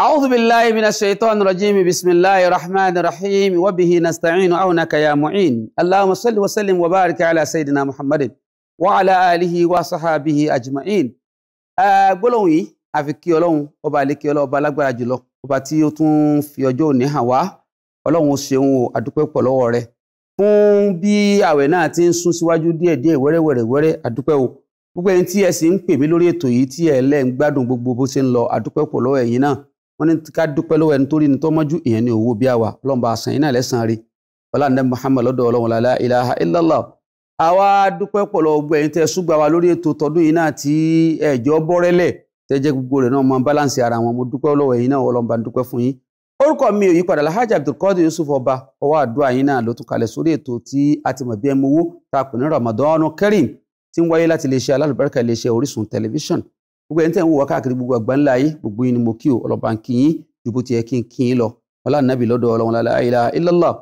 أعوذ بالله من الشيطان الرجيم بسم الله الرحمن الرحيم وبه نستعين عونك يا معين اللهم صل وسلم وبارك على سيدنا محمد وعلى آله وصحابه أجمعين gbólóhùn yìí àfi kí ọlọ́run ọba àlékè ọlọ́ọba lágbára jùlọ ọba tí ó tún fi ọjọ́ òní hàn wá ọlọ́run ó ṣeun o àdúpẹ́ pọ̀ lọ́wọ́ rẹ fún bí àwẹ̀ náà ti ń sún síwájú díẹ̀díẹ̀ wẹ́rẹ́wẹ́rẹ́wẹ́rẹ́ àdúpẹ́ o gbogbo ẹni tí ẹ sì ń pè mí lórí ètò yìí tí ẹ lẹ́ ń gbádùn gbogbo bó ṣe ń lọ àdúpẹ́ pọ̀ lọ́wọ́ ẹ̀yin náà wọ́n ní ká dúpẹ́ lọ́wọ́ ẹni tó rí ni tó mọ́jú ìyẹn ní owó bí àwa ọlọ́run bá san iná lẹ́sàn rí ọlá ní Muhammad lọ́dọ̀ ọlọ́run lálá ilaha illallah àwa dúpẹ́ pọ̀ lọ gbogbo ẹ̀yin tẹ́ ẹ súgbà wa lórí ètò tọdún yìí náà tí ẹ̀jọ́ bọ́rẹ́lẹ̀ tẹ́ jẹ́ gbogbo rẹ̀ náà mọ báláǹsì ara wọn mo dúpẹ́ lọ́wọ́ ẹ̀yin náà ọlọ́run ń dúpẹ́ fún yín orúkọ mi ò yí padà Alhaji Abdulkadir Yusuf Ọba ọwọ́ àdúrà yín náà ló tún kalẹ̀ sórí ètò tí a ti mọ̀ bí ẹ mowó ta pè ní Ramadan Kareem tí ń wáyé láti iléeṣẹ́ alálùbáríkà iléeṣẹ́ Orísun tẹlifíṣàn gbogbo ẹni tẹ́ ń wò wá káàkiri gbogbo àgbáńlá yìí gbogbo yìí ni mo kí o ọlọ́ba ń kín yín ju bó ti yẹ kí n kín yín lọ ọlá nàbì lọ́dọ̀ ọlọ́run lálẹ́ àyílá ilọ́lọ́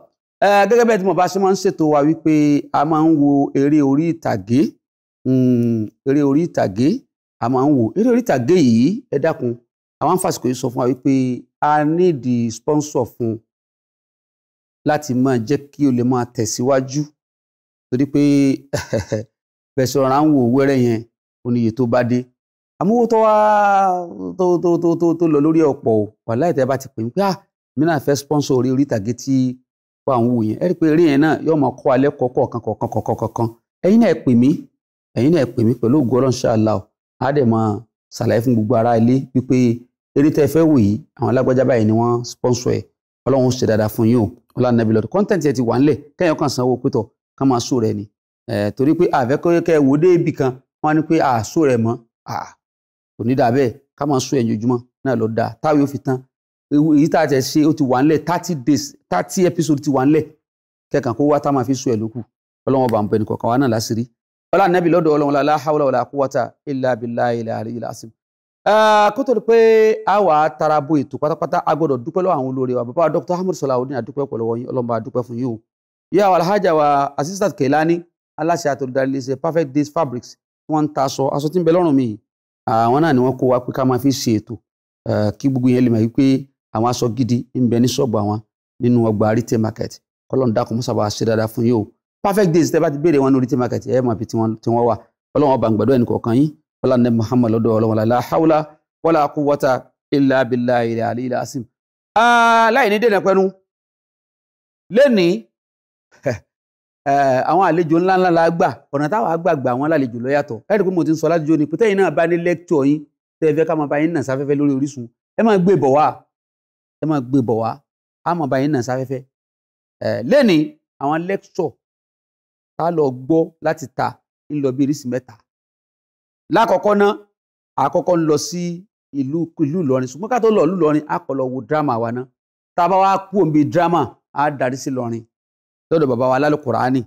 gẹ́gẹ́ bẹ́ẹ̀ tí mo bá ṣe máa ń ṣètò wa wípé a máa ń wo eré orí ìtàgé hmm, eré orí ìtàgé a máa ń wo eré orí ìtàgé yìí ẹ dákun àwọn fásitì yìí sọ fún wa wípé a nídi sponsor fún láti máa jẹ́ kí o lè máa tẹ̀síwájú torí pé bẹ̀sẹ̀ ọ̀ràn wò wẹ́rẹ́ yẹn oníye tó bá dé àmúwò tó wá tó tó tó tó tó lọ lórí ọ̀pọ̀ o wàhálà ìtẹ́ bá ti pè wípé ah mi náà fẹ́ sponsor orí orí ìtàgé tí wà ń wù yẹn ẹ rí i pé eré yẹn náà yóò máa kọ́ alẹ́ kọ́ kọ̀ọ̀kan kọ̀ọ̀kan kọ̀ọ̀kan kọ̀ọ̀kan ẹ̀yin náà ẹ pè mí ẹ̀yin náà ẹ pè mí pẹ̀lú ògo Ọlọ́run ṣáàlà o á dẹ̀ máa ṣàlàyé fún gbogbo ará ilé wípé eré tẹ́ fẹ́ wò yìí àwọn alágbájá báyìí ni wọ́n sponsor content yẹn ti wà ńlẹ̀ kẹ́yìn kan sanwó pétọ̀ ká máa sóò rẹ̀ ni torí pé àfẹ́kọ́yẹ́kẹ́ wò kò ní dà bẹ́ẹ̀ ká máa sún ẹ̀yìn ojúmọ́ náà lọ dáa táwọn yóò fi tán èyí tá a tẹ̀ ṣe ó ti wà ńlẹ̀ thirty days thirty episode ti wà ńlẹ̀ kẹ̀kàn kó wá tá a máa fi sún ẹ̀ lókù ọlọ́wọ́n bá ń bẹ nìkan kan wá náà láṣìírí ọlá nàbì lọ́dọ̀ ọlọ́wọ́n la hawla wala quwwata illa billahi al-aliyyil azim. kó tó di pé a wà á tara bo ètò pátápátá a gbọ́dọ̀ dúpẹ́ lọ́wọ́ àwọn olóore wa bàbá Dr. Ahmed Salaudeen adúpẹ́ pẹ̀lú wọn wa alhaja Kelani aláṣẹ àtòlùdarí iléeṣẹ́ perfect days fabrics wọn ń ta aṣọ àwọn náà ni wọ́n kó wa pé ká máa fi ṣe ètò eh, kí gbogbo yẹn lè mọ̀ wípé àwọn aṣọ gidi ń bẹ ní ṣọ́ọ̀bù àwọn nínú ọgbà retail market kọ́lọ́n dákun mọ́sàbà ṣe dáadáa fún yìí o perfect days tẹ́ bá ti béèrè wọn ní retail market ẹ̀ mọ̀ bí tí wọ́n wà ọlọ́wọ́n ọba àgbàdo ẹnì kọ̀ọ̀kan yín wọ́lá ní muhammad lọ́dọ̀ ọlọ́wọ́n la hawla wala quwwata illa billahi al-ali al-asim. Ah, láì ní dènà pẹ́nu lẹ́nìí Eh, àwọn àlejò ńláńlá la gbà ọ̀nà táwọn àgbààgbà àwọn alálejò ló yàtọ̀ ẹ̀rí pé mo ti ń sọ lálejò ni pété yìí náà bá ní lẹ́kítọ̀ yín tẹ́ ẹ fẹ́ ká máa bá yín nà sáfẹ́fẹ́ lórí Orísun ẹ máa gbé bọ̀ wá ẹ máa gbé bọ̀ wá á máa bá yín nà sáfẹ́fẹ́ eh, lẹ́ni àwọn lẹ́kítọ̀ tá lọ gbọ́ láti ta ń lọ bí irísí mẹ́ta lákọ̀ọ́kọ́ náà àkọ́kọ́ ń lọ sí ìlú ìlú Ìlọrin ṣùgbọ́n a bá wá lọ́dọ̀ bàbá wa lálùkùránì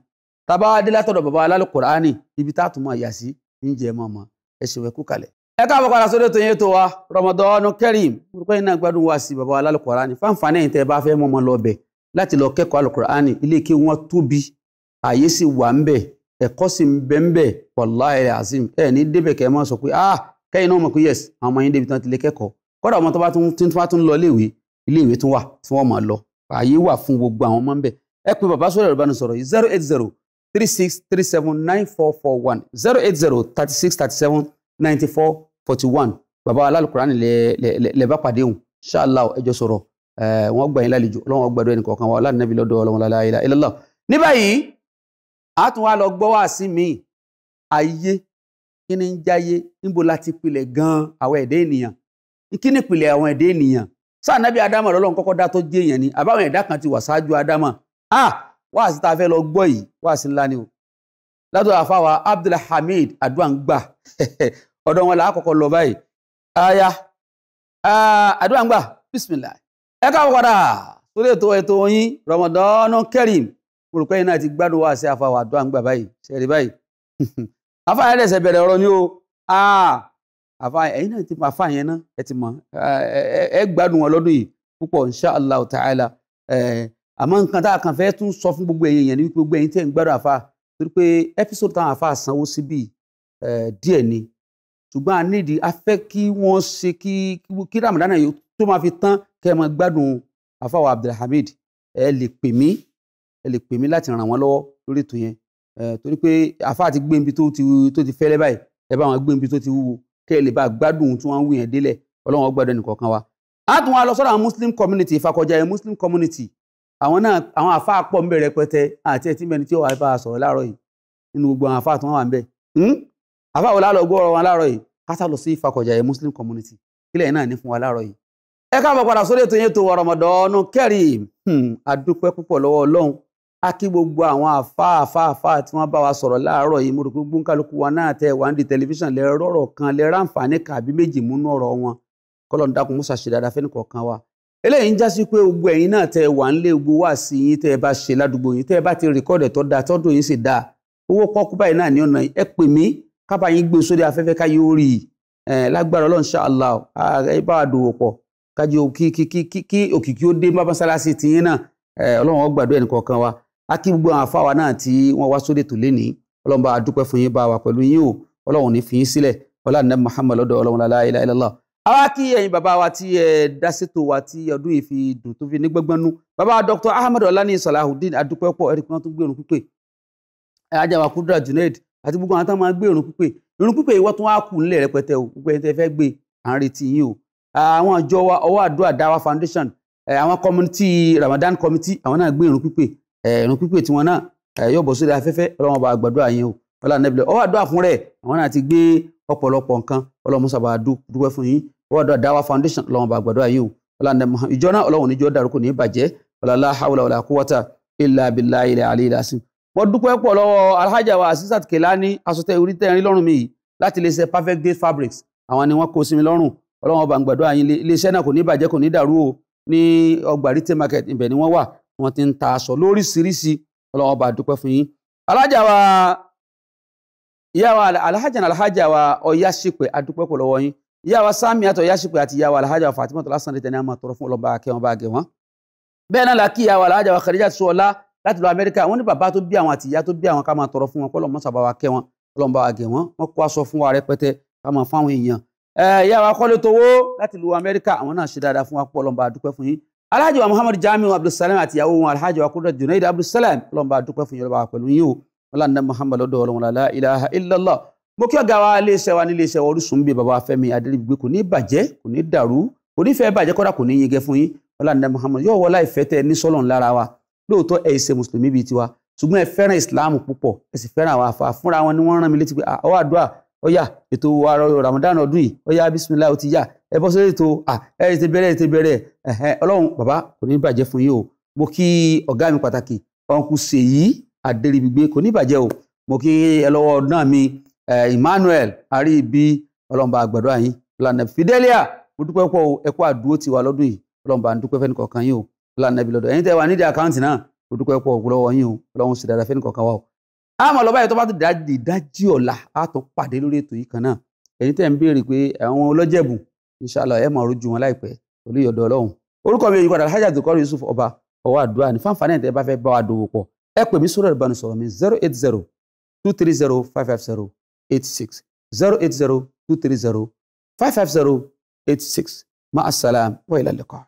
tábà wá dé látọ̀dọ̀ bàbá wa lálùkùránì ibi tá a tún máa yà sí oúnjẹ mọ́ ọmọ ẹ ṣe wẹ́kú kalẹ̀. ẹ káàbọ̀ padà sórí ètò yẹn tó wa Ramadan Kareem orúkọ yìí náà gbádùn wá sí bàbá wa lálùkùránì fáǹfààní ẹ̀yìn tẹ́ ẹ bá fẹ́ mọ́ ọmọ lọ bẹ̀ láti lọ kẹ́kọ̀ọ́ alùkùránì ilé kí wọ́n tóbi àyè sì wà ń bẹ̀ ẹ̀kọ́ sì ń bẹ̀ ń bẹ̀ wàláhì azim ah kẹ́yìn náà mọ̀ pé yes àwọn ọmọ yín débi tán ti lè kẹ́kọ̀ọ́ kọ́dà ọmọ tó bá tún wà fún gbogbo àwọn ọmọ ń bẹ̀ ẹ pè bàbá sọ̀rọ̀ ìrọ̀bá ni sọ̀rọ̀ yìí zero eight zero three six three seven nine four four one zero eight zero thirty six thirty seven ninety four forty one bàbá alálùkùránì lẹ́ẹ̀bá pàdé hùn ṣáàlá ẹjọ́ sọ̀rọ̀ wọ́n gbà yín lálejò ọlọ́wọ́n gbàdúrà ẹnì kọ̀ọ̀kan wa aláàdínàbí lọ́dọ̀ ọlọ́wọ́n lálẹ́ ayé ilẹ̀lá. ní báyìí a tún wá lọ gbọ́ wá sí mi ayé kí ni ń jáyé níbo láti pilẹ̀ gan àwọn ẹ̀dẹ́ ènìyàn kí ni pilẹ̀ àwọn ẹ̀dẹ́ ènìyàn sáà nábì ádámà lọ́lọ́run kọ́kọ́ dá tó jẹ́ èèyàn ni àbáwọn ẹ̀dá kan ti wà ṣáájú ádámà ah wáàsí tá a fẹ́ lọ gbọ́ yìí wáàsí ńlá ni o látọ̀dọ̀ àfáwà Abdulhamid aduangba ọ̀dọ̀ wọn làákọ̀ọ́kọ́ lọ báyìí aya aduangba bismillah ẹ káwọ́ padà sórí ètò ètò yín Ramadan Kareem mo rò pé yín náà ti gbádùn wáàsí àfáwà aduangba báyìí ṣẹ̀rí báyìí àfáà yẹn dẹ̀sẹ̀ bẹ̀rẹ̀ ọ̀rọ̀ ni o àfáà ẹ̀yin náà ti mọ àfáà yẹn náà ẹ ti mọ ẹ gbádùn wọn lọ́dún yìí púpọ̀ insha Allah ta'ala ẹ̀ẹ́ àmọ́ nǹkan tá a kàn fẹ́ tún sọ fún gbogbo ẹ̀yin èèyàn ni wípé gbogbo ẹ̀yin tẹ̀ ń gbádùn àfa torí pé ẹ́písòdù táwọn àfa sanwó síbí díẹ̀ ni ṣùgbọ́n a nídìí a fẹ́ kí wọ́n ṣe kí kí Ramadan yìí tó máa fi tán kẹ́ ẹ máa gbádùn àfa wa Abdulhamid ẹ lè pè mí ẹ lè pè mí láti ràn wọ́n lọ́wọ́ lórí ètò yẹn torí pé àfa ti gbé ibi tó ti fẹ́lẹ́ báyìí ẹ bá wọn gbé ibi tó ti wúwo kẹ́ ẹ lè bá gbádùn tí wọ́n ń wí yẹn délẹ̀ Ọlọ́run ó gbádùn ẹnìkọ̀ọ̀kan wa. a tún wá lọ sọ́dọ̀ àwọn Muslim community ìfakọjá yẹn Muslim community àwọn náà àwọn àfáà pọ̀ ń bẹ rẹpẹtẹ àti ẹtí mẹni tí ó wà bá a sọ̀rọ̀ láàárọ̀ yìí nínú gbogbo àwọn àfáà tó wà ń bẹ hmm? àfáà wò lálọ́ gbọ́ ọ̀rọ̀ wọn láàárọ̀ yìí kásá lọ sí Ìfakọ̀jàyè Muslim Community kílẹ̀ náà ní fún wa láàárọ̀ yìí ẹ káàbọ̀ padà sórí ètò yẹn tó wọ rọmọdọ́nù kẹ́rì àdúpẹ́ hmm, púpọ̀ lọ́wọ́ Ọlọ́run a kí gbogbo àwọn àfáàfáàfá tí wọ́n bá wa sọ̀rọ̀ láàárọ̀ yìí mo rò pé gbóǹkálukú wa náà tẹ wà ń di tẹlifíṣàn lẹ rọ̀rọ̀ kan lẹ ráǹfààní kàbí méjì múnú ọ̀rọ̀ wọn kọ́lọ́n dákun musa ṣe dáadáa fẹ́ni kọ̀ọ̀kan wa eléyìí ń já sí pé gbogbo ẹ̀yin náà tẹ wà nílé gbogbo wá sí yín tẹ bá ṣe ládùúgbò yín tẹ bá ti rìkọ́dẹ̀ tó dáa tọ́dún yín sì dáa owó pọ́kú báyìí náà ní ọ̀nà ẹ pè mí kábàá yín gbé sórí afẹ́fẹ́ káyé ó rí i lágbára ọlọ́run ṣáàlá ẹ bá wa dòwò pọ̀ kájọ kí òkìkí ó dé bá mọ́sálásí tiyín náà ọlọ́run ó gbàdúrà ẹnì kọ̀ọ̀kan wa á kí gbogbo àwọn afáwa náà tí wọ́n wá sóde tòlé ní ọlọ́run bá a dúpẹ́ fún yín bá wa pẹ̀lú yín o ọlọ́run ní fi yín sílẹ̀ ọlá nàbí Muhammad lọ́dọ̀ ọlọ́run la ilaha illallah àwa kí ẹ̀yin bàbá wa tí ẹ dá ṣètò wa tí ọdún yìí fi dùn tó fi ní gbọ́ngbọ́nú bàbá wa Dr. Ahmed Ọláni Salahudeen adúpẹ́pọ̀ ẹ̀rí pé wọ́n tún gbé òrùn pípé ajáwa Kudrat Junaid àti gbogbo àwọn táwọn máa gbé òrùn pípé òrùn pípé ìwọ́ tún wá kù nílẹ̀ rẹpẹtẹ o gbogbo ẹni tẹ́ fẹ́ gbé à ń retí yín o àwọn àjọ wa ọwọ́ àdúrà dáwà foundation àwọn community Ramadan committee àwọn náà gbé òrùn pípé òrùn pípé tiwọn náà yóò bọ̀ sórí afẹ́fẹ́ ọlọ́wọ́n bá gbàdúrà yín o ọlọ́run nẹ́bílẹ̀ ọwọ́ àdúrà fún rẹ̀ fún yín da dáwà foundation lọ́wọ́n bá gbàdúrà yìí ọ̀làǹdà ìjọ náà ọlọ́run níjọ́ dàrú kò ní bàjẹ́ ọ̀làlá hawla wàlà kúwọ́tà ilà abilà ilẹ̀ àlẹ́ ilẹ̀ asin. mo dúpẹ́ pọ̀ lọ́wọ́ alhaja wa asisat kelani asọ̀tẹ̀ orí tẹ̀rín lọ́rùn mi yìí láti lè ṣe perfect day fabrics àwọn ni wọ́n kó sí mi lọ́rùn ọlọ́run bá gbàdúrà yín iléeṣẹ́ náà kò ní bàjẹ́ kò ní o ní ọgbà market ibẹ̀ ni wọ́n wà wọ́n ti ń ta aṣọ lóríṣiríṣi ọlọ́run bá alhaja wa ìyá wa alhaja alhaja wa ọ̀yá ṣìpẹ̀ adúpẹ́ pọ̀ lọ́wọ́ yín ìyá wa Samiato Yasipe àti ìyá wa alhaja Fatimatu Hasan lè tẹ̀lé àmọ́ tọrọ fún ọlọ́ba akẹ́ wọn bá gẹ̀ wọ́n. bẹ́ẹ̀ náà la kí ìyá wa alhaja wa Khadija Suola láti lọ Amẹ́ríkà wọ́n ní bàbá tó bí àwọn àti ìyá tó bí àwọn ká máa tọrọ fún wọn kọ́ lọ́mọ sábà wa kẹ́ wọn ọlọ́mọba wa gẹ̀ wọ́n wọ́n kó aṣọ fún wa rẹpẹtẹ ká máa fáwọn èèyàn. ìyá wa Kọ́lé Towó láti lu Amẹ́ríkà àwọn náà ṣe dáadáa fún wa pọ̀ ọlọ́mọba adúpẹ́ fún yín. alhaji mo kí ọ̀gá wa iléeṣẹ́ wa níléeṣẹ́ wa Orísun bíi bàbá Fẹ́mi Adélébígbé kò ní bàjẹ́ kò ní dàrú kò ní fẹ́ bàjẹ́ kódà kò ní yege fún yín ọlànà Muhammad yóò wọlá ìfẹ́ tẹ ní sọ́lọ̀ lára wa lóòótọ́ ẹ̀ ṣe mùsùlùmí bíi tiwa ṣùgbọ́n ẹ fẹ́ràn Islam púpọ̀ ẹ sì fẹ́ràn àwọn àfa fúnra wọn ni wọ́n rán mi létí pé ọwọ́ àdúrà ọyà ètò Ramadan ọdún yìí ọyà bisimilayi ó ti yà ẹ bọ́ sórí ètò ẹ ti bẹ̀rẹ̀ ẹ ti bẹ̀rẹ̀ o mo kí ọ̀gá mi pàtàkì ọ̀nkù Ṣèyí Adélébígbé kò ní o mo kí ẹ mi Eh, Emmanuel Aríyìbí ọlọ́mọba àgbàdo àyín lànà Fidelia mo dúpẹ́ pọ̀ o ẹ kú àdúró tiwa lọ́dún yìí ọlọ́mọba ń dúpẹ́ fẹ́ni kọ̀ọ̀kan yín o lànà ibi lọ́dọ̀ ẹ̀yin tẹ́ wà nídìí àkáǹtì náà mo dúpẹ́ pọ̀ o lọ́wọ́ yín o ọlọ́run sì dára fẹ́ni kọ̀ọ̀kan wa o. àmọ́ lọ́ba yìí tó bá tó dájú ìdájí ọ̀la á tó pàdé lórí ètò yìí kan náà ẹ̀yin tẹ́ ń béèrè pé àwọn ọlọ́jẹ̀bùn inshallah ẹ̀ máa rojú wọn láìpẹ́ pẹ̀lú ọlọ́run orúkọ yusuf ọba ọwọ́ àdúrà ní fáǹfààní ẹ̀ tẹ́ bá fẹ́ bá wa dòwò pọ̀ zero eight zero two three zero five five zero 86 080 230 550 86 مع السلامة وإلى اللقاء